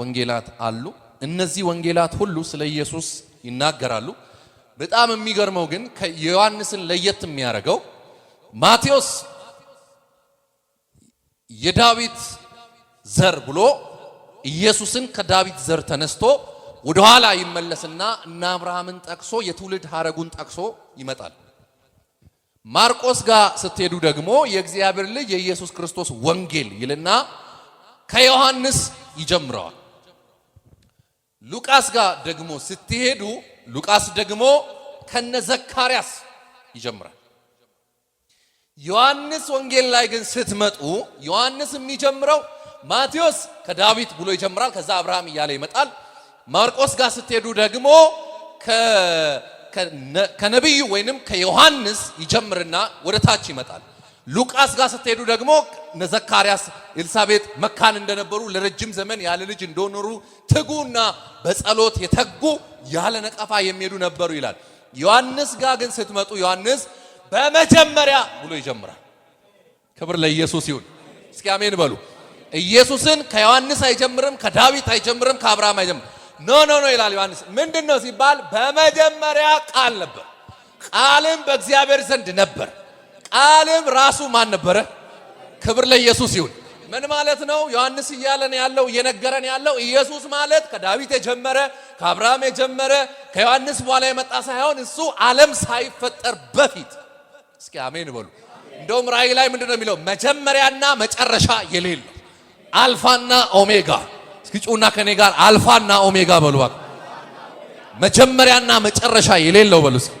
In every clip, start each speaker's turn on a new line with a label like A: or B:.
A: ወንጌላት አሉ። እነዚህ ወንጌላት ሁሉ ስለ ኢየሱስ ይናገራሉ። በጣም የሚገርመው ግን ከዮሐንስን ለየት የሚያደርገው ማቴዎስ የዳዊት ዘር ብሎ ኢየሱስን ከዳዊት ዘር ተነስቶ ወደ ኋላ ይመለስና እና አብርሃምን ጠቅሶ የትውልድ ሀረጉን ጠቅሶ ይመጣል። ማርቆስ ጋር ስትሄዱ ደግሞ የእግዚአብሔር ልጅ የኢየሱስ ክርስቶስ ወንጌል ይልና ከዮሐንስ ይጀምረዋል። ሉቃስ ጋር ደግሞ ስትሄዱ ሉቃስ ደግሞ ከነ ዘካርያስ ይጀምራል። ዮሐንስ ወንጌል ላይ ግን ስትመጡ ዮሐንስ የሚጀምረው ማቴዎስ ከዳዊት ብሎ ይጀምራል። ከዛ አብርሃም እያለ ይመጣል። ማርቆስ ጋር ስትሄዱ ደግሞ ከነቢዩ ወይንም ከዮሐንስ ይጀምርና ወደ ታች ይመጣል። ሉቃስ ጋር ስትሄዱ ደግሞ ነዘካርያስ ኤልሳቤጥ መካን እንደነበሩ ለረጅም ዘመን ያለ ልጅ እንደኖሩ ትጉና በጸሎት የተጉ ያለ ነቀፋ የሚሄዱ ነበሩ ይላል። ዮሐንስ ጋር ግን ስትመጡ ዮሐንስ በመጀመሪያ ብሎ ይጀምራል። ክብር ለኢየሱስ ይሁን። እስኪ አሜን በሉ። ኢየሱስን ከዮሐንስ አይጀምርም፣ ከዳዊት አይጀምርም፣ ከአብርሃም አይጀምርም። ኖ ኖ ኖ ይላል ዮሐንስ። ምንድን ነው ሲባል በመጀመሪያ ቃል ነበር፣ ቃልም በእግዚአብሔር ዘንድ ነበር ቃልም ራሱ ማን ነበረ? ክብር ለኢየሱስ ይሁን። ምን ማለት ነው? ዮሐንስ እያለን ያለው እየነገረን ያለው ኢየሱስ ማለት ከዳዊት የጀመረ ከአብርሃም የጀመረ ከዮሐንስ በኋላ የመጣ ሳይሆን እሱ ዓለም ሳይፈጠር በፊት እስኪ አሜን በሉ። እንደውም ራእይ ላይ ምንድነው የሚለው? መጀመሪያና መጨረሻ የሌለው አልፋና ኦሜጋ። እስኪ ጩና ከኔ ጋር አልፋና ኦሜጋ በሉ። መጀመሪያና መጨረሻ የሌለው በሉ። እስኪ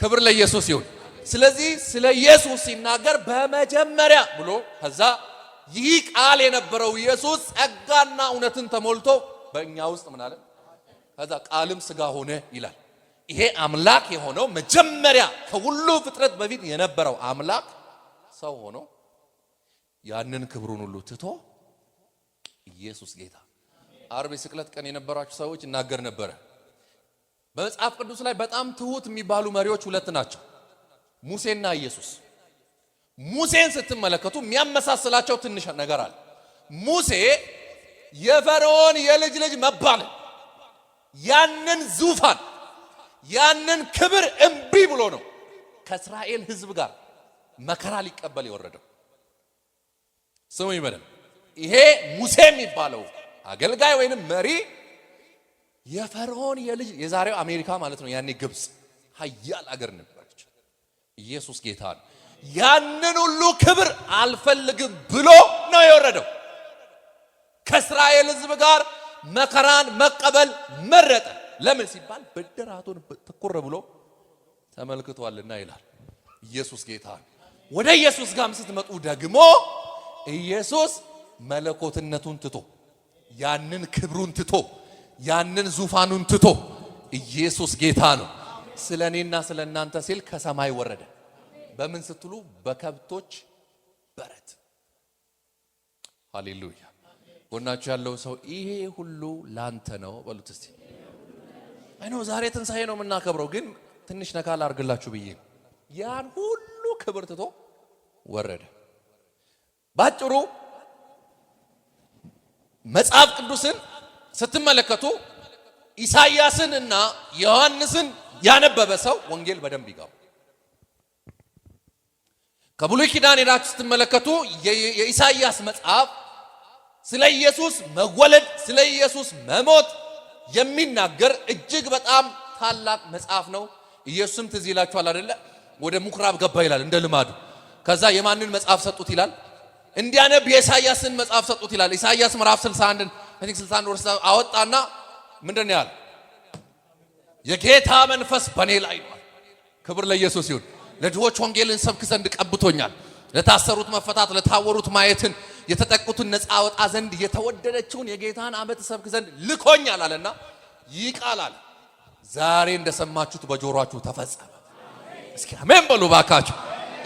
A: ክብር ለኢየሱስ ይሁን። ስለዚህ ስለ ኢየሱስ ሲናገር በመጀመሪያ ብሎ ከዛ ይህ ቃል የነበረው ኢየሱስ ጸጋና እውነትን ተሞልቶ በእኛ ውስጥ ምን አለ? ከዛ ቃልም ስጋ ሆነ ይላል። ይሄ አምላክ የሆነው መጀመሪያ ከሁሉ ፍጥረት በፊት የነበረው አምላክ ሰው ሆኖ ያንን ክብሩን ሁሉ ትቶ ኢየሱስ ጌታ። አርብ የስቅለት ቀን የነበራችሁ ሰዎች እናገር ነበረ። በመጽሐፍ ቅዱስ ላይ በጣም ትሁት የሚባሉ መሪዎች ሁለት ናቸው። ሙሴና ኢየሱስ ሙሴን ስትመለከቱ የሚያመሳስላቸው ትንሽ ነገር አለ። ሙሴ የፈርዖን የልጅ ልጅ መባል ያንን ዙፋን ያንን ክብር እምቢ ብሎ ነው ከእስራኤል ሕዝብ ጋር መከራ ሊቀበል የወረደው። ስሙ ይመደም። ይሄ ሙሴ የሚባለው አገልጋይ ወይንም መሪ የፈርዖን የልጅ የዛሬው አሜሪካ ማለት ነው። ያኔ ግብፅ ሀያል አገር ነበር። ኢየሱስ ጌታ ነው። ያንን ሁሉ ክብር አልፈልግም ብሎ ነው የወረደው። ከእስራኤል ሕዝብ ጋር መከራን መቀበል መረጠ። ለምን ሲባል ብድራቱን ትኩር ብሎ ተመልክቷልና ይላል። ኢየሱስ ጌታ ነው። ወደ ኢየሱስ ጋርም ስትመጡ ደግሞ ኢየሱስ መለኮትነቱን ትቶ ያንን ክብሩን ትቶ ያንን ዙፋኑን ትቶ ኢየሱስ ጌታ ነው። ስለ እኔና ስለ እናንተ ሲል ከሰማይ ወረደ። በምን ስትሉ በከብቶች በረት። ሃሌሉያ። ጎናችሁ ያለው ሰው ይሄ ሁሉ ላንተ ነው በሉት እስቲ። አይኖ ዛሬ ትንሣኤ ነው የምናከብረው፣ ግን ትንሽ ነካ ላርግላችሁ ብዬ ያን ሁሉ ክብር ትቶ ወረደ። ባጭሩ መጽሐፍ ቅዱስን ስትመለከቱ ኢሳይያስን እና ዮሐንስን ያነበበ ሰው ወንጌል በደንብ ይጋቡ ከብሉይ ኪዳን ሄዳችሁ ስትመለከቱ የኢሳይያስ መጽሐፍ ስለ ኢየሱስ መወለድ፣ ስለ ኢየሱስ መሞት የሚናገር እጅግ በጣም ታላቅ መጽሐፍ ነው። ኢየሱስም ትዝ ይላችኋል አይደለ? ወደ ምኩራብ ገባ ይላል እንደ ልማዱ። ከዛ የማንን መጽሐፍ ሰጡት ይላል? እንዲያነብ የኢሳይያስን መጽሐፍ ሰጡት ይላል። ኢሳይያስ ምዕራፍ 61 ቲንክ 61 ወርሳ አወጣና ምንድን ያህል የጌታ መንፈስ በኔ ላይ ነው። ክብር ለኢየሱስ ይሁን። ለድሆች ወንጌልን ሰብክ ዘንድ ቀብቶኛል። ለታሰሩት መፈታት፣ ለታወሩት ማየትን፣ የተጠቁትን ነፃ አወጣ ዘንድ የተወደደችውን የጌታን ዓመት ሰብክ ዘንድ ልኮኛል አለና ይቃላል። ዛሬ እንደሰማችሁት በጆሮችሁ ተፈጸመ። እስኪ አሜን በሉ ባካችሁ።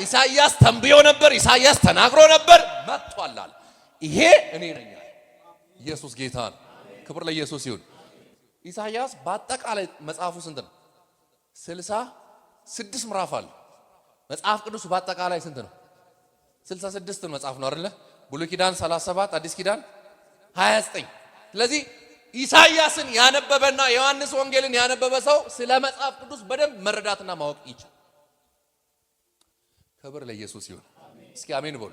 A: ኢሳይያስ ተንብዮ ነበር፣ ኢሳይያስ ተናግሮ ነበር፣ መጥቷል አለ። ይሄ እኔ ነኝ ኢየሱስ ጌታ ነው። ክብር ለኢየሱስ ይሁን። ኢሳይያስ በአጠቃላይ መጽሐፉ ስንት ነው? ስልሳ ስድስት ምዕራፍ አለ። መጽሐፍ ቅዱስ በአጠቃላይ ስንት ነው? 66 መጽሐፍ ነው አይደለ? ብሉይ ኪዳን 37፣ አዲስ ኪዳን 29። ስለዚህ ኢሳይያስን ያነበበና ዮሐንስ ወንጌልን ያነበበ ሰው ስለ መጽሐፍ ቅዱስ በደንብ መረዳትና ማወቅ ይችላል። ክብር ለኢየሱስ ይሁን። እስኪ አሜን በሉ።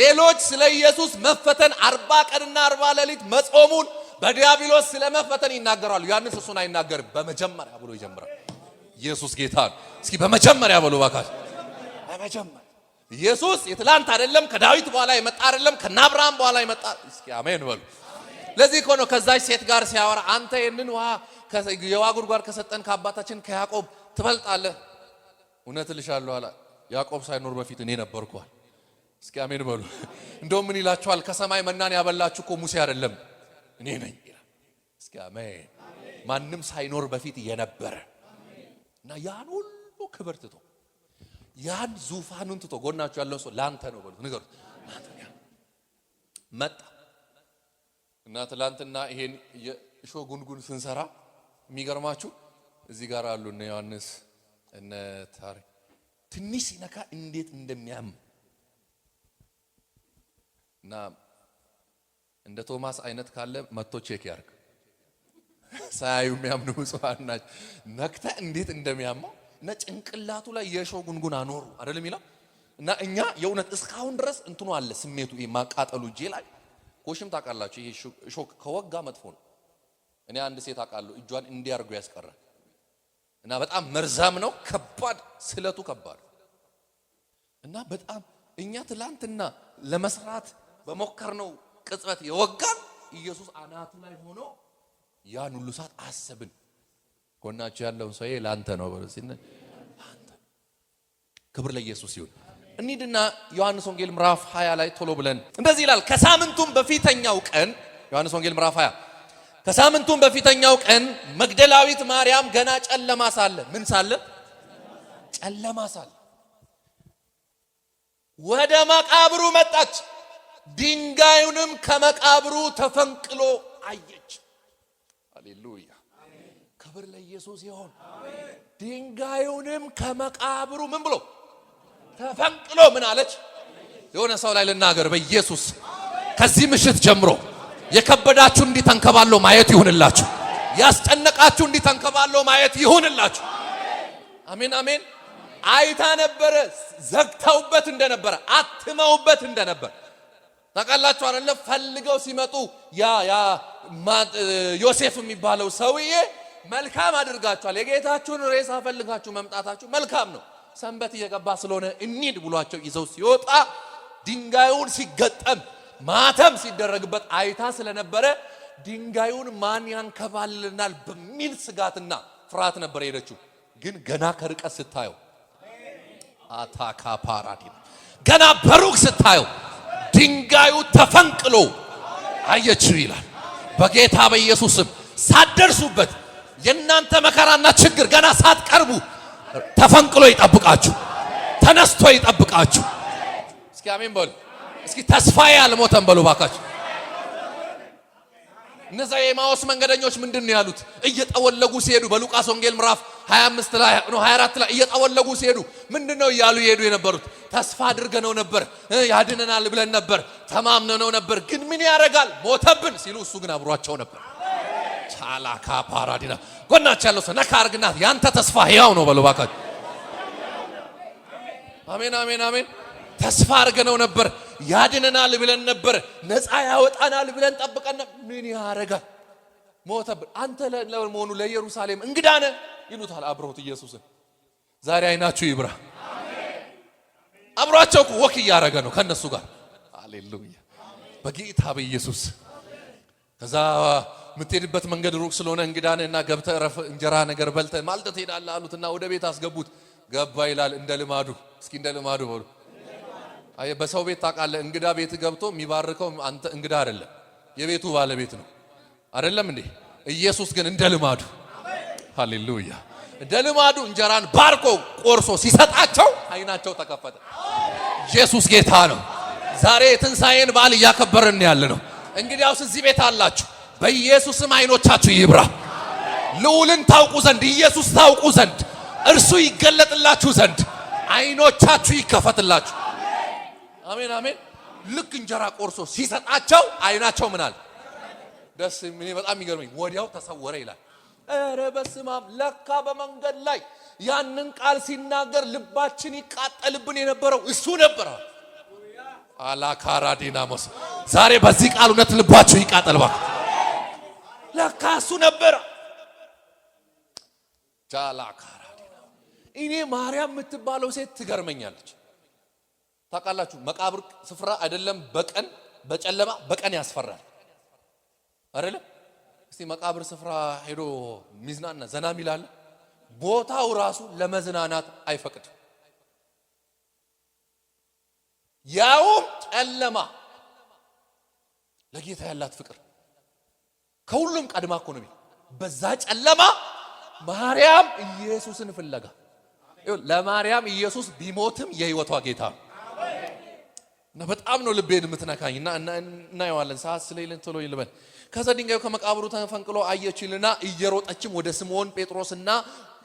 A: ሌሎች ስለ ኢየሱስ መፈተን አርባ ቀንና አርባ ሌሊት መጾሙን በዲያብሎስ ስለ መፈተን ይናገራሉ። ዮሐንስ እሱን አይናገርም። በመጀመሪያ ብሎ ይጀምራል። ኢየሱስ ጌታ ነው። እስኪ በመጀመሪያ ብሎ ባካችሁ ለመጀመር ኢየሱስ የትላንት አይደለም፣ ከዳዊት በኋላ የመጣ አይደለም፣ ከናብርሃም በኋላ የመጣ እስኪ አሜን በሉ። ለዚህ እኮ ከዛች ሴት ጋር ሲያወራ አንተ ይህንን ውሃ የውሃ ጉድጓድ ከሰጠን ከአባታችን ከያዕቆብ ትበልጣለህ። እውነት እልሻለሁ አላ ያዕቆብ ሳይኖር በፊት እኔ ነበርኳል። እስኪ አሜን በሉ። እንደውም ምን ይላችኋል? ከሰማይ መናን ያበላችሁ እኮ ሙሴ አይደለም እኔ ነኝ ይላል። እስኪ አሜን። ማንም ሳይኖር በፊት የነበረ እና ያን ሁሉ ክብር ትቶ ያን ዙፋኑን ትቶ ጎናችሁ ያለው ሰው ላንተ ነው በሉት፣ ንገሩት። መጣ እና ትላንትና ይሄን የእሾህ ጉንጉን ስንሰራ የሚገርማችሁ እዚህ ጋር አሉ እነ ዮሐንስ እነ ታሪ ትንሽ ሲነካ እንዴት እንደሚያም እና እንደ ቶማስ አይነት ካለ መጥቶ ቼክ ያርግ። ሳያዩ የሚያምኑ ምጽዋን ናቸው። ነክተ እንዴት እንደሚያመው እና ጭንቅላቱ ላይ የእሾህ ጉንጉን አኖሩ አይደለም ይላል እና እኛ የእውነት እስካሁን ድረስ እንትኑ አለ ስሜቱ ማቃጠሉ እጄ ላይ ኮሽም ታውቃላችሁ። ይሄ ሾክ ከወጋ መጥፎ ነው። እኔ አንድ ሴት አውቃለሁ እጇን እንዲያርጉ ያስቀረ እና በጣም መርዛም ነው። ከባድ ስለቱ ከባድ እና በጣም እኛ ትላንትና ለመስራት ነው ቅጽበት የወጋን ኢየሱስ አናቱ ላይ ሆኖ ያን ሁሉ ሰዓት አሰብን። ጎናችሁ ያለውን ሰውዬ ለአንተ ነው በለው። ክብር ለኢየሱስ ይሁን። እንሂድና ዮሐንስ ወንጌል ምዕራፍ 20 ላይ ቶሎ ብለን እንደዚህ ይላል። ከሳምንቱም በፊተኛው ቀን ዮሐንስ ወንጌል ምዕራፍ 20 ከሳምንቱም በፊተኛው ቀን መግደላዊት ማርያም ገና ጨለማ ሳለ ምን ሳለ ጨለማ ሳለ ወደ መቃብሩ መጣች። ድንጋዩንም ከመቃብሩ ተፈንቅሎ አየች። ክብር ለኢየሱስ ይሆን። ድንጋዩንም ከመቃብሩ ምን ብሎ ተፈንቅሎ ምን አለች? የሆነ ሰው ላይ ልናገር በኢየሱስ ከዚህ ምሽት ጀምሮ የከበዳችሁ እንዲተንከባለው ማየት ይሁንላችሁ። ያስጨነቃችሁ እንዲተንከባለው ማየት ይሁንላችሁ። አሜን አሜን። አይታ ነበረ ዘግተውበት እንደነበረ አትመውበት እንደነበር ታውቃላችሁ አይደለ? ፈልገው ሲመጡ ያ ያ ዮሴፍ የሚባለው ሰውዬ መልካም አድርጋችኋል። የጌታችሁን ሬሳ ፈልጋችሁ መምጣታችሁ መልካም ነው። ሰንበት እየገባ ስለሆነ እኒድ ብሏቸው ይዘው ሲወጣ ድንጋዩን ሲገጠም ማተም ሲደረግበት አይታ ስለነበረ ድንጋዩን ማን ያንከባልልናል በሚል ስጋትና ፍርሃት ነበር የሄደችው። ግን ገና ከርቀት ስታየው አታካፓራዲ ገና በሩቅ ስታየው ድንጋዩ ተፈንቅሎ አየችው ይላል። በጌታ በኢየሱስም ሳደርሱበት። የእናንተ መከራና ችግር ገና ሳትቀርቡ ተፈንቅሎ ይጠብቃችሁ፣ ተነስቶ ይጠብቃችሁ። እስኪ አሜን በሉ። እስኪ ተስፋዬ አልሞተም በሉ ባካችሁ። እነዛ የኤማዎስ መንገደኞች ምንድን ነው ያሉት? እየጠወለጉ ሲሄዱ በሉቃስ ወንጌል ምዕራፍ 25 ላይ ነው 24 ላይ እየጠወለጉ ሲሄዱ ምንድን ነው እያሉ ይሄዱ የነበሩት? ተስፋ አድርገነው ነበር፣ ያድነናል ብለን ነበር፣ ተማምነነው ነበር። ግን ምን ያደርጋል ሞተብን ሲሉ እሱ ግን አብሯቸው ነበር። ቻላካ ፓራዲና ጎናች ያለው ሰው ነካ አርግናት። ያንተ ተስፋ ሕያው ነው በሉ እባካችሁ። አሜን አሜን አሜን። ተስፋ አርገነው ነበር። ያድነናል ብለን ነበር። ነፃ ያወጣናል ብለን ጠብቀን ምን ያረጋል? ሞተብን። አንተ ለመሆኑ ለኢየሩሳሌም እንግዳ ነህ ይሉታል አብረውት ኢየሱስን። ዛሬ አይናችሁ ይብራ። አብሯቸው ወክ እያረገ ነው ከነሱ ጋር። ሃሌሉያ በጌታ በኢየሱስ ከዛ የምትሄድበት መንገድ ሩቅ ስለሆነ እንግዳንና ገብተህ እረፍ እንጀራ ነገር በልተህ ማልተ ትሄዳለህ አሉትና ወደ ቤት አስገቡት። ገባ ይላል እንደ ልማዱ። እስኪ እንደ ልማዱ በሉ። በሰው ቤት ታውቃለህ፣ እንግዳ ቤት ገብቶ የሚባርከው አንተ እንግዳ አይደለም የቤቱ ባለቤት ነው። አይደለም እንዴ? ኢየሱስ ግን እንደ ልማዱ ሃሌሉያ፣ እንደ ልማዱ እንጀራን ባርኮ ቆርሶ ሲሰጣቸው አይናቸው ተከፈተ። ኢየሱስ ጌታ ነው። ዛሬ የትንሣኤን በዓል እያከበርን ያለ ነው። እንግዲያውስ እዚህ ቤት አላችሁ በኢየሱስም አይኖቻችሁ ይብራ። ልዑልን ታውቁ ዘንድ ኢየሱስ ታውቁ ዘንድ እርሱ ይገለጥላችሁ ዘንድ አይኖቻችሁ ይከፈትላችሁ። አሜን አሜን። ልክ እንጀራ ቆርሶ ሲሰጣቸው አይናቸው ምናል ደስ ምን በጣም የሚገርመኝ ወዲያው ተሰወረ ይላል። ኧረ በስማም ለካ በመንገድ ላይ ያንን ቃል ሲናገር ልባችን ይቃጠልብን የነበረው እሱ ነበረ። አላካራ ዲናሞስ ዛሬ በዚህ ቃል እውነት ልባችሁ ይቃጠል ለካሱ ነበረ። እኔ ማርያም የምትባለው ሴት ትገርመኛለች። ታውቃላችሁ፣ መቃብር ስፍራ አይደለም በቀን በጨለማ በቀን ያስፈራል አይደለም። እስቲ መቃብር ስፍራ ሄዶ ሚዝናና ዘናም ይላል። ቦታው ራሱ ለመዝናናት አይፈቅድም። ያውም ጨለማ ለጌታ ያላት ፍቅር ከሁሉም ቀድማ እኮ ነው። በዛ ጨለማ ማርያም ኢየሱስን ፍለጋ ለማርያም ኢየሱስ ቢሞትም የህይወቷ ጌታ ነው። እና በጣም ነው ልቤን የምትነካኝ። እና እናየዋለን ሰዓት ስለሌለን ቶሎ ይልበል። ከዛ ድንጋዩ ከመቃብሩ ተፈንቅሎ አየችልና እየሮጠችም ወደ ስምዖን ጴጥሮስና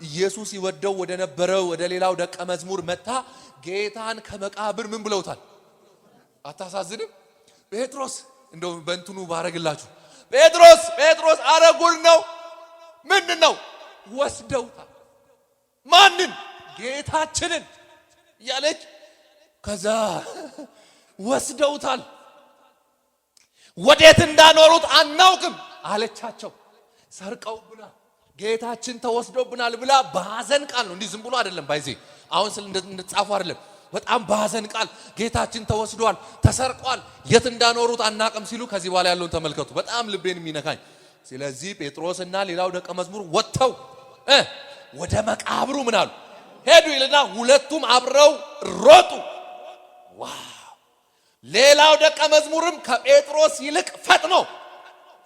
A: ኢየሱስ ይወደው ወደ ነበረው ወደ ሌላው ደቀ መዝሙር መታ ጌታን ከመቃብር ምን ብለውታል? አታሳዝንም? ጴጥሮስ እንደው በእንትኑ ባረግላችሁ ጴጥሮስ ጴጥሮስ አረጉል ነው። ምንድን ነው ወስደውታል። ማንን ጌታችንን እያለች ከዛ ወስደውታል። ወዴት እንዳኖሩት አናውቅም አለቻቸው። ሰርቀውብናል፣ ጌታችን ተወስዶብናል ብላ በሐዘን ቃል ነው። እንዲህ ዝም ብሎ አይደለም። ባይዜ አሁን ስለ እንደተጻፉ አይደለም በጣም በሐዘን ቃል ጌታችን ተወስዷል፣ ተሰርቋል፣ የት እንዳኖሩት አናቅም ሲሉ ከዚህ በኋላ ያለውን ተመልከቱ። በጣም ልቤን የሚነካኝ ስለዚህ ጴጥሮስ እና ሌላው ደቀ መዝሙር ወጥተው ወደ መቃብሩ ምን አሉ ሄዱ ይልና ሁለቱም አብረው ሮጡ። ዋው! ሌላው ደቀ መዝሙርም ከጴጥሮስ ይልቅ ፈጥኖ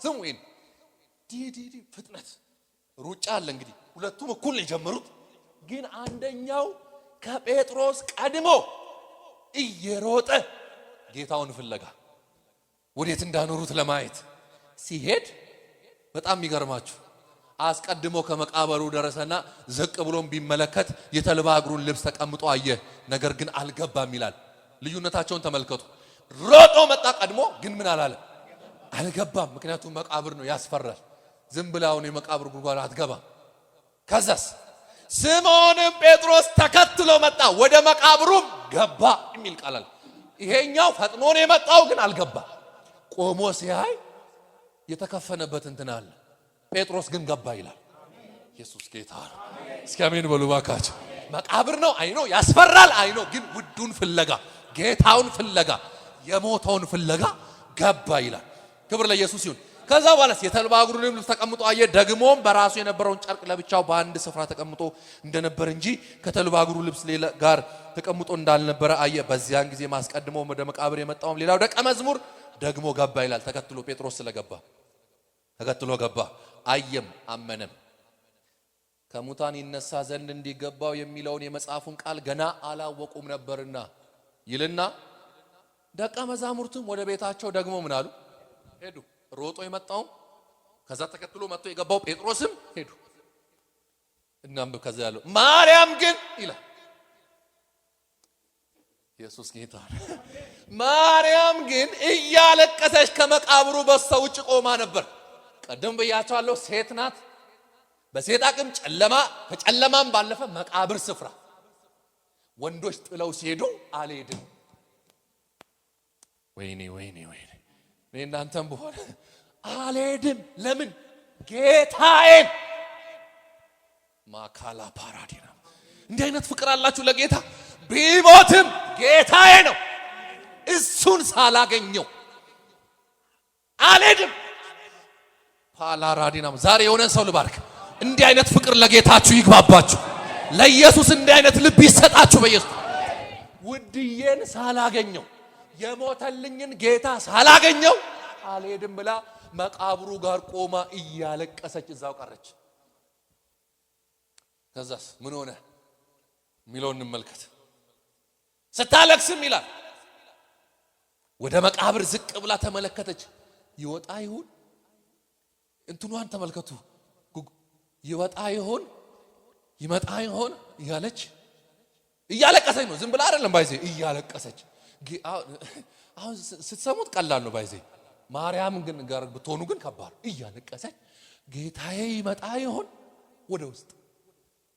A: ስሙ፣ ይሄን ዲዲዲ ፍጥነት ሩጫ አለ እንግዲህ። ሁለቱም እኩል ነው የጀመሩት ግን አንደኛው ከጴጥሮስ ቀድሞ እየሮጠ ጌታውን ፍለጋ ወዴት እንዳኖሩት ለማየት ሲሄድ በጣም የሚገርማችሁ አስቀድሞ ከመቃብሩ ደረሰና ዝቅ ብሎም ቢመለከት የተልባ እግሩን ልብስ ተቀምጦ አየ፣ ነገር ግን አልገባም ይላል። ልዩነታቸውን ተመልከቱ። ሮጦ መጣ ቀድሞ፣ ግን ምን አላለ? አልገባም። ምክንያቱም መቃብር ነው፣ ያስፈራል። ዝም ብላ የመቃብር ጉድጓድ አትገባም። ከዛስ ስምዖንም ጴጥሮስ ተከትሎ መጣ፣ ወደ መቃብሩም ገባ የሚል ቃላል። ይሄኛው ፈጥኖን የመጣው፣ ግን አልገባ። ቆሞ ሲያይ የተከፈነበት እንትን አለ። ጴጥሮስ ግን ገባ ይላል። ኢየሱስ ጌታ ነው። እስኪ አሜን በሉ እባካችሁ። መቃብር ነው አይኖ፣ ያስፈራል አይኖ፣ ግን ውዱን ፍለጋ፣ ጌታውን ፍለጋ፣ የሞተውን ፍለጋ ገባ ይላል። ክብር ለኢየሱስ ይሁን። ከዛ በኋላ የተልባ እግሩንም ልብስ ተቀምጦ አየ። ደግሞም በራሱ የነበረውን ጨርቅ ለብቻው በአንድ ስፍራ ተቀምጦ እንደነበር እንጂ ከተልባ እግሩ ልብስ ሌላ ጋር ተቀምጦ እንዳልነበረ አየ። በዚያን ጊዜ ማስቀድሞ ወደ መቃብር የመጣውም ሌላው ደቀ መዝሙር ደግሞ ገባ ይላል። ተከትሎ ጴጥሮስ ስለገባ ተከትሎ ገባ። አየም አመነም። ከሙታን ይነሳ ዘንድ እንዲገባው የሚለውን የመጽሐፉን ቃል ገና አላወቁም ነበርና ይልና ደቀ መዛሙርቱም ወደ ቤታቸው ደግሞ ምን አሉ ሄዱ። ሮጦ የመጣው ከዛ ተከትሎ መጥቶ የገባው ጴጥሮስም ሄዱ። እናም ከዛ ያለው ማርያም ግን ይላል ኢየሱስ ጌታ ማርያም ግን እያለቀሰች ከመቃብሩ በስተ ውጭ ቆማ ነበር። ቀደም ብያቸዋለሁ፣ ሴት ናት። በሴት አቅም ጨለማ ከጨለማም ባለፈ መቃብር ስፍራ ወንዶች ጥለው ሲሄዱ አልሄድም። ወይኔ ወይኔ ወይኔ እኔ እናንተም በሆነ አልሄድም። ለምን ጌታዬን ማካላ ፓራዲና እንዲህ አይነት ፍቅር አላችሁ ለጌታ ቢሞትም ጌታዬ ነው። እሱን ሳላገኘው አልሄድም። ፓላራዲናም ዛሬ የሆነን ሰው ልባርክ። እንዲህ አይነት ፍቅር ለጌታችሁ ይግባባችሁ። ለኢየሱስ እንዲህ አይነት ልብ ይሰጣችሁ። በኢየሱስ ውድዬን ሳላገኘው የሞተልኝን ጌታ ሳላገኘው አልሄድም ብላ መቃብሩ ጋር ቆማ እያለቀሰች እዛው ቀረች። ከዛስ ምን ሆነ የሚለው እንመልከት። ስታለቅስም ይላል ወደ መቃብር ዝቅ ብላ ተመለከተች። ይወጣ ይሁን እንትኗን ተመልከቱ። ይወጣ ይሁን ይመጣ ይሁን እያለች እያለቀሰች ነው። ዝም ብላ አይደለም ባይዜ እያለቀሰች አሁን ስትሰሙት ቀላል ነው ባይዜ ማርያም ግን ጋር ብትሆኑ ግን ከባድ እያነቀሰች ጌታዬ ይመጣ ይሆን ወደ ውስጥ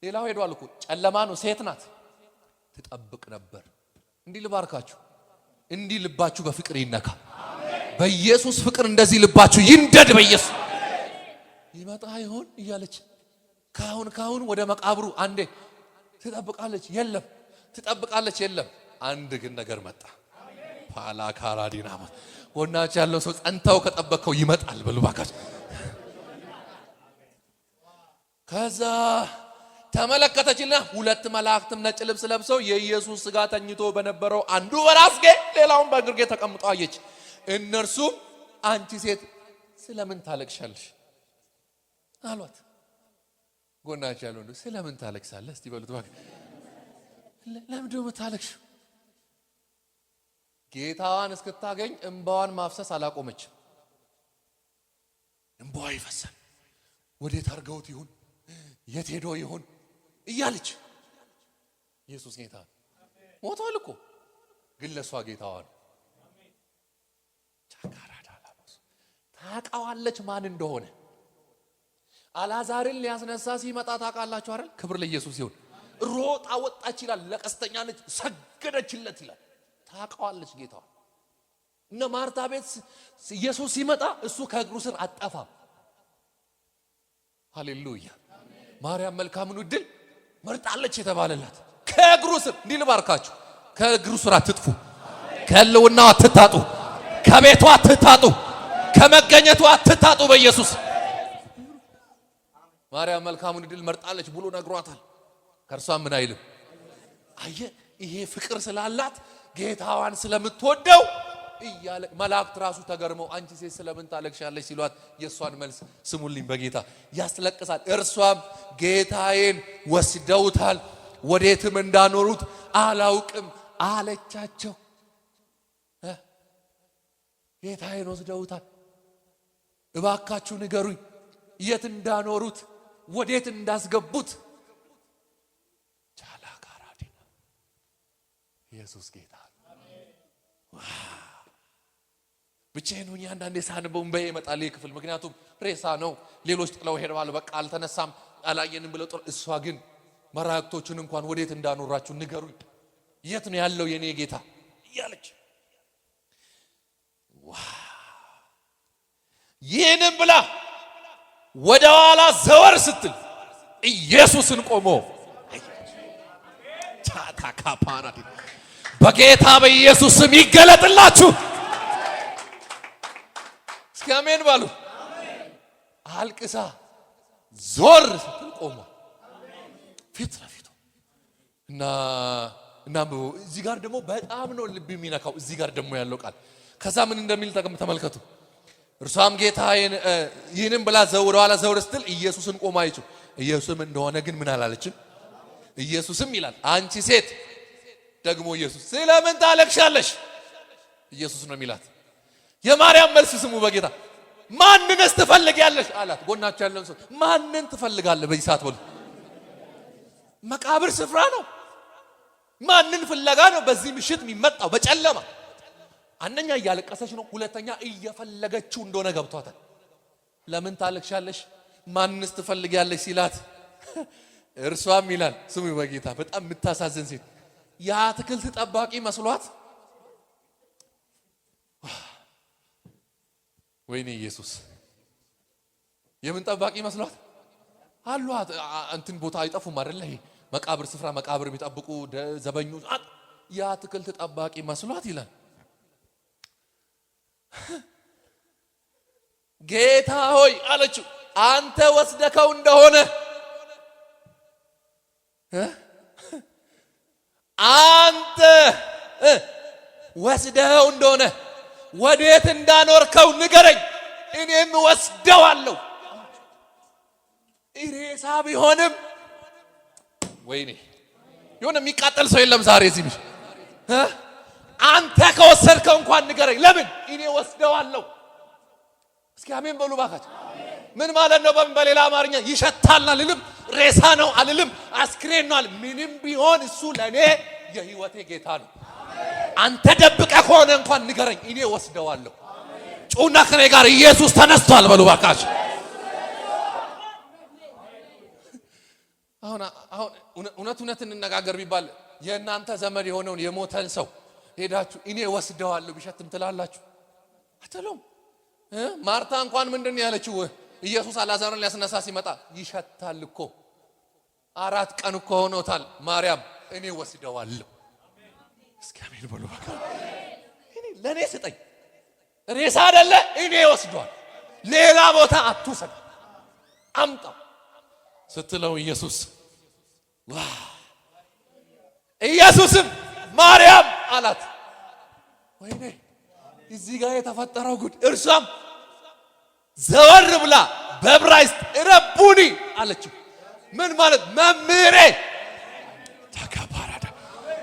A: ሌላው ሄዷል እኮ ጨለማ ነው ሴት ናት ትጠብቅ ነበር እንዲህ ልባርካችሁ እንዲህ ልባችሁ በፍቅር ይነካ በኢየሱስ ፍቅር እንደዚህ ልባችሁ ይንደድ በኢየሱስ ይመጣ ይሆን እያለች ካሁን ካሁን ወደ መቃብሩ አንዴ ትጠብቃለች የለም ትጠብቃለች የለም አንድ ግን ነገር መጣ። ካራ ዲናማ ጎናች ያለው ሰው ጸንታው ከጠበቀው ይመጣል። በሉ እባካችሁ። ከዛ ተመለከተችና ሁለት መላእክትም ነጭ ልብስ ለብሰው የኢየሱስ ስጋ ተኝቶ በነበረው አንዱ በራስጌ ሌላውን በእግርጌ ተቀምጦ አየች። እነርሱም አንቺ ሴት ስለምን ታለቅሻለሽ አሏት። ጎናች ያለው ስለምን ታለቅሳለህ? እስቲ በሉት እባክህ። ለምንድን ነው የምታለቅሽው? ጌታዋን እስክታገኝ እንባዋን ማፍሰስ አላቆመችም። እንባዋ ይፈሳል። ወዴት አርገውት ይሁን የት ሄዶ ይሁን እያለች ኢየሱስ ጌታ ሞቷል እኮ ግን ለእሷ ጌታዋ ነው። ታውቃዋለች ማን እንደሆነ አላዛርን ሊያስነሳ ሲመጣ ታውቃላችሁ አይደል? ክብር ለኢየሱስ ይሁን። ሮጣ ወጣች ይላል። ለቀስተኛ ነች፣ ሰገደችለት ይላል። ታውቀዋለች ጌታዋ። እነ ማርታ ቤት ኢየሱስ ሲመጣ እሱ ከእግሩ ስር አጠፋም። ሃሌሉያ! ማርያም መልካምን ዕድል መርጣለች የተባለላት ከእግሩ ስር እንዲህ ልባርካችሁ፣ ከእግሩ ስር አትጥፉ፣ ከህልውናው አትታጡ፣ ከቤቷ አትታጡ፣ ከመገኘቷ አትታጡ። በኢየሱስ ማርያም መልካሙን ዕድል መርጣለች ብሎ ነግሯታል። ከእርሷ ምን አይልም። አየ ይሄ ፍቅር ስላላት ጌታዋን ስለምትወደው እያለ መላእክት ራሱ ተገርመው አንቺ ሴት ስለምን ታለቅሻለች ሲሏት የእሷን መልስ ስሙልኝ፣ በጌታ ያስለቅሳል። እርሷም ጌታዬን ወስደውታል፣ ወዴትም እንዳኖሩት አላውቅም አለቻቸው። ጌታዬን ወስደውታል፣ እባካችሁ ንገሩኝ፣ የት እንዳኖሩት፣ ወዴት እንዳስገቡት። ቻላ ጋራዲና ኢየሱስ ጌታ ብቻዬን ሆኜ አንዳንዴ ሳነበውን በይ ይመጣል ክፍል ምክንያቱም ሬሳ ነው። ሌሎች ጥለው ሄደዋል። በቃ አልተነሳም፣ አላየንም ብለው ጥለው እሷ ግን መራእክቶቹን እንኳን ወዴት እንዳኖራችሁ ንገሩኝ፣ የት ነው ያለው የኔ ጌታ እያለች ይህንም ብላ ወደ ኋላ ዘወር ስትል ኢየሱስን ቆሞ ታታካፓና በጌታ በኢየሱስ ስም ይገለጥላችሁ። እስኪ አሜን ባሉ። አልቅሳ ዞር ስትል ቆማ ፊት ለፊቱ እና እና እዚህ ጋር ደግሞ በጣም ነው ልብ የሚነካው። እዚህ ጋር ደግሞ ያለው ቃል ከዛ ምን እንደሚል ተመልከቱ። እርሷም ጌታ ይህንም ብላ ዘውር ኋላ ዘውር ስትል ኢየሱስን ቆማ አይችው ኢየሱስም እንደሆነ ግን ምን አላለችም። ኢየሱስም ይላል አንቺ ሴት ደግሞ ኢየሱስ ስለምን ታለቅሻለሽ? ኢየሱስ ነው የሚላት። የማርያም መልስ ስሙ በጌታ ማንንስ ትፈልጊያለሽ አላት። ጎናቸው ያለን ሰው ማንን ትፈልጋለህ በዚህ ሰዓት በሉ። መቃብር ስፍራ ነው። ማንን ፍለጋ ነው በዚህ ምሽት የሚመጣው በጨለማ? አንደኛ እያለቀሰች ነው፣ ሁለተኛ እየፈለገችው እንደሆነ ገብቷታል። ለምን ታለቅሻለሽ? ማንስ ትፈልጊያለሽ ሲላት እርሷም ይላል ስሙ በጌታ በጣም የምታሳዝን ሴት የአትክልት ጠባቂ መስሏት ወይኔ ኢየሱስ የምን ጠባቂ መስሏት አሏት። እንትን ቦታ አይጠፉም አይደለ? መቃብር ስፍራ መቃብር የሚጠብቁ ዘበኞች የአትክልት ጠባቂ መስሏት ይላል። ጌታ ሆይ አለችው፣ አንተ ወስደከው እንደሆነ አንተ ወስደኸው እንደሆነ ወዴት እንዳኖርከው ንገረኝ፣ እኔም ወስደዋለሁ። ኢሬሳ ቢሆንም ወይኔ የሆነ የሚቃጠል ሰው የለም ዛሬ እዚህ አንተ ከወሰድከው እንኳን ንገረኝ። ለምን እኔ ወስደዋለሁ። እስኪ አሜን በሉ ባካችሁ። ምን ማለት ነው? በምን በሌላ አማርኛ ይሸታልና ልልም ሬሳ ነው አልልም፣ አስክሬን ነው አልልም። ምንም ቢሆን እሱ ለእኔ የህይወቴ ጌታ ነው። አንተ ደብቀ ከሆነ እንኳን ንገረኝ፣ እኔ ወስደዋለሁ። ጩና ከኔ ጋር ኢየሱስ ተነስቷል በሉ ባካችሁ። አሁን አሁን እውነት እውነት እንነጋገር ቢባል የእናንተ ዘመድ የሆነውን የሞተን ሰው ሄዳችሁ እኔ ወስደዋለሁ ቢሸትም ትላላችሁ አትሉም? ማርታ እንኳን ምንድን ያለችው ኢየሱስ አልዓዛርን ሊያስነሳ ሲመጣ ይሸታል እኮ አራት ቀን እኮ ሆኖታል። ማርያም እኔ ወስደዋለሁ። እስኪ አሜን በሉ። ለእኔ ስጠኝ። ሬሳ አይደለ እኔ ወስደዋል። ሌላ ቦታ አትውሰድ፣ አምጣው ስትለው ኢየሱስ ኢየሱስም ማርያም አላት። ወይኔ እዚህ ጋር የተፈጠረው ጉድ እርሷም ዘወር ብላ በዕብራይስጥ ረቡኒ አለችው። ምን ማለት መምህሬ ተከባራዳ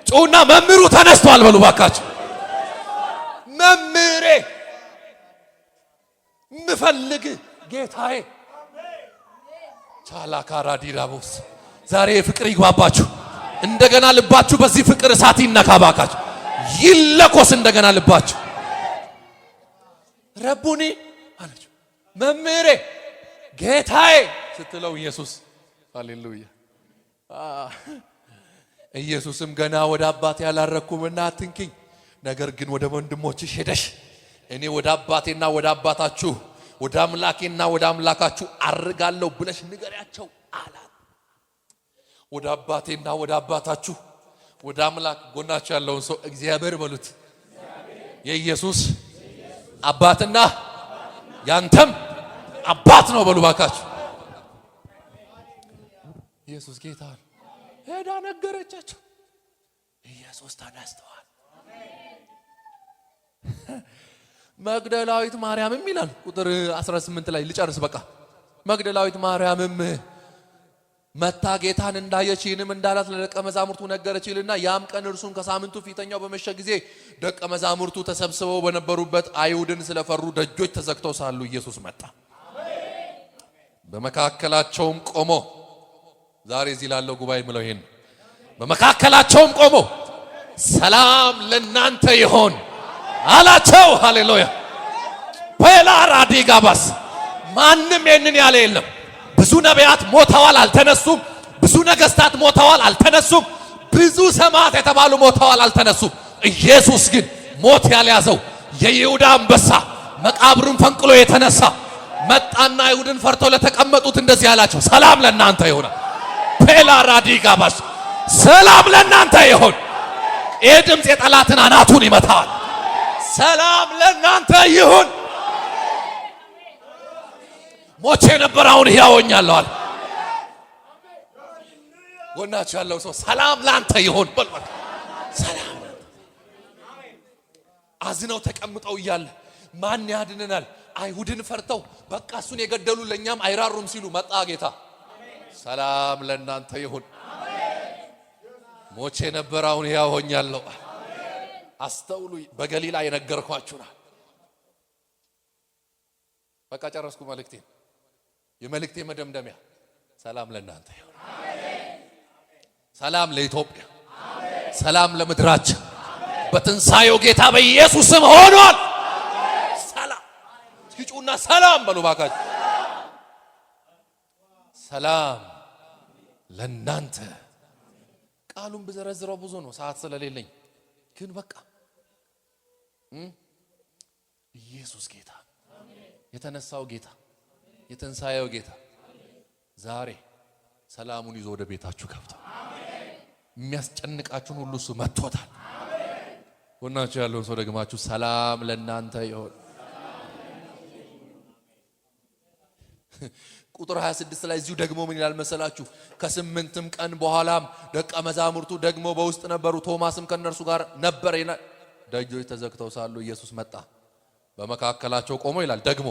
A: ጩና መምህሩ ተነስቷል በሉ ባካችሁ። መምህሬ ምፈልግ ጌታዬ ቻላካራ ዲራቦስ ዛሬ ፍቅር ይግባባችሁ። እንደገና ልባችሁ በዚህ ፍቅር እሳት ይነካባካችሁ ይለኮስ እንደገና ልባችሁ ረቡኒ አለችው። መምህሬ ጌታዬ ስትለው ኢየሱስ ሃሌሉያ። ኢየሱስም ገና ወደ አባቴ ያላረግኩምና አትንኪኝ፣ ነገር ግን ወደ ወንድሞችሽ ሄደሽ እኔ ወደ አባቴና ወደ አባታችሁ ወደ አምላኬና ወደ አምላካችሁ አርጋለሁ ብለሽ ንገሪያቸው አላት። ወደ አባቴና ወደ አባታችሁ ወደ አምላክ ጎናችሁ ያለውን ሰው እግዚአብሔር በሉት። የኢየሱስ አባትና ያንተም አባት ነው በሉ ባካችሁ። ኢየሱስ ጌታ ነው። ሄዳ ነገረቻቸው። ኢየሱስ ተነስተዋል። መግደላዊት ማርያምም ይላል ቁጥር 18 ላይ ልጨርስ በቃ። መግደላዊት ማርያምም መታ ጌታን እንዳየች ይህንም እንዳላት ለደቀ መዛሙርቱ ነገረች ይልና ያም ቀን እርሱን ከሳምንቱ ፊተኛው በመሸ ጊዜ ደቀ መዛሙርቱ ተሰብስበው በነበሩበት አይሁድን ስለፈሩ ደጆች ተዘግተው ሳሉ ኢየሱስ መጣ። በመካከላቸውም ቆሞ ዛሬ እዚህ ላለው ጉባኤ ምለው ይሄን በመካከላቸውም ቆሞ ሰላም ለናንተ ይሆን አላቸው። ሃሌሉያ ፔላር አዲጋባስ ማንም ይህንን ያለ የለም። ብዙ ነቢያት ሞተዋል አልተነሱም። ብዙ ነገስታት ሞተዋል አልተነሱም። ብዙ ሰማዕት የተባሉ ሞተዋል አልተነሱም። ኢየሱስ ግን ሞት ያልያዘው የይሁዳ አንበሳ መቃብሩን ፈንቅሎ የተነሳ መጣና አይሁድን ፈርተው ለተቀመጡት እንደዚህ ያላቸው፣ ሰላም ለእናንተ ይሁን። ፔላ ራዲጋ ባስ ሰላም ለእናንተ ይሁን። ይህ ድምፅ የጠላትን አናቱን ይመታል። ሰላም ለእናንተ ይሁን። ሞቼ ነበር፣ አሁን ሕያወኛለሁ አለ። ጎናችሁ ያለው ሰው ሰላም ለአንተ ይሁን በል። ሰላም አዝነው ተቀምጠው እያለ ማን ያድንናል? አይሁድን ፈርተው በቃ እሱን የገደሉ ለእኛም አይራሩም ሲሉ መጣ ጌታ። ሰላም ለእናንተ ይሁን። ሞቼ ነበር፣ አሁን ሕያው ሆኛለሁ። አስተውሉ። በገሊላ የነገርኳችሁና በቃ ጨረስኩ መልእክቴን። የመልእክቴ መደምደሚያ ሰላም ለእናንተ ይሁን። ሰላም ለኢትዮጵያ፣ ሰላም ለምድራችን በትንሣኤው ጌታ በኢየሱስ ስም ሆኗል። ትጩና ሰላም በሉ ባካች ሰላም ለእናንተ ቃሉን ብዘረዝረው ብዙ ነው፣ ሰዓት ስለሌለኝ ግን በቃ ኢየሱስ ጌታ፣ የተነሳው ጌታ፣ የተንሳየው ጌታ ዛሬ ሰላሙን ይዞ ወደ ቤታችሁ ገብቷል። የሚያስጨንቃችሁን ሁሉ እሱ መጥቶታል። ጎናችሁ ያለውን ሰው ደግማችሁ ሰላም ለእናንተ ይሆን። ቁጥር 26 ላይ እዚሁ ደግሞ ምን ይላል መሰላችሁ? ከስምንትም ቀን በኋላም ደቀ መዛሙርቱ ደግሞ በውስጥ ነበሩ፣ ቶማስም ከእነርሱ ጋር ነበር። ደጆች ተዘግተው ሳሉ ኢየሱስ መጣ፣ በመካከላቸው ቆሞ ይላል ደግሞ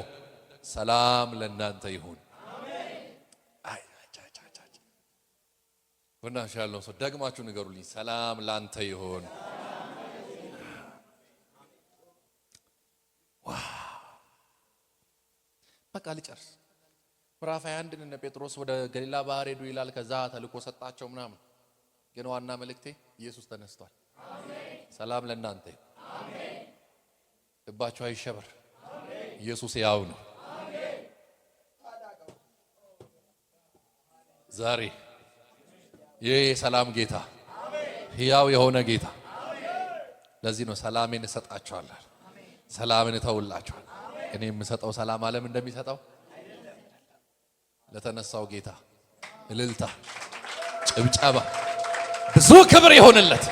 A: ሰላም ለእናንተ ይሁን። ወናሽ ያለው ሰው ደግማችሁ ንገሩልኝ፣ ሰላም ላንተ ይሁን። በቃ ልጨርስ ምዕራፍ 21 እነ ጴጥሮስ ወደ ገሊላ ባህር ሄዱ ይላል። ከዛ ተልእኮ ሰጣቸው ምናምን። ግን ዋና መልእክቴ ኢየሱስ ተነስቷል። ሰላም ለእናንተ ልባችሁ አይሸበር። ኢየሱስ ያው ነው። ዛሬ ይህ የሰላም ጌታ ሕያው የሆነ ጌታ። ለዚህ ነው ሰላሜን እሰጣችኋለሁ፣ ሰላምን እተውላችኋለሁ። እኔ የምሰጠው ሰላም ዓለም እንደሚሰጠው ለተነሳው ጌታ እልልታ ጭብጨባ ብዙ ክብር ይሆንለት።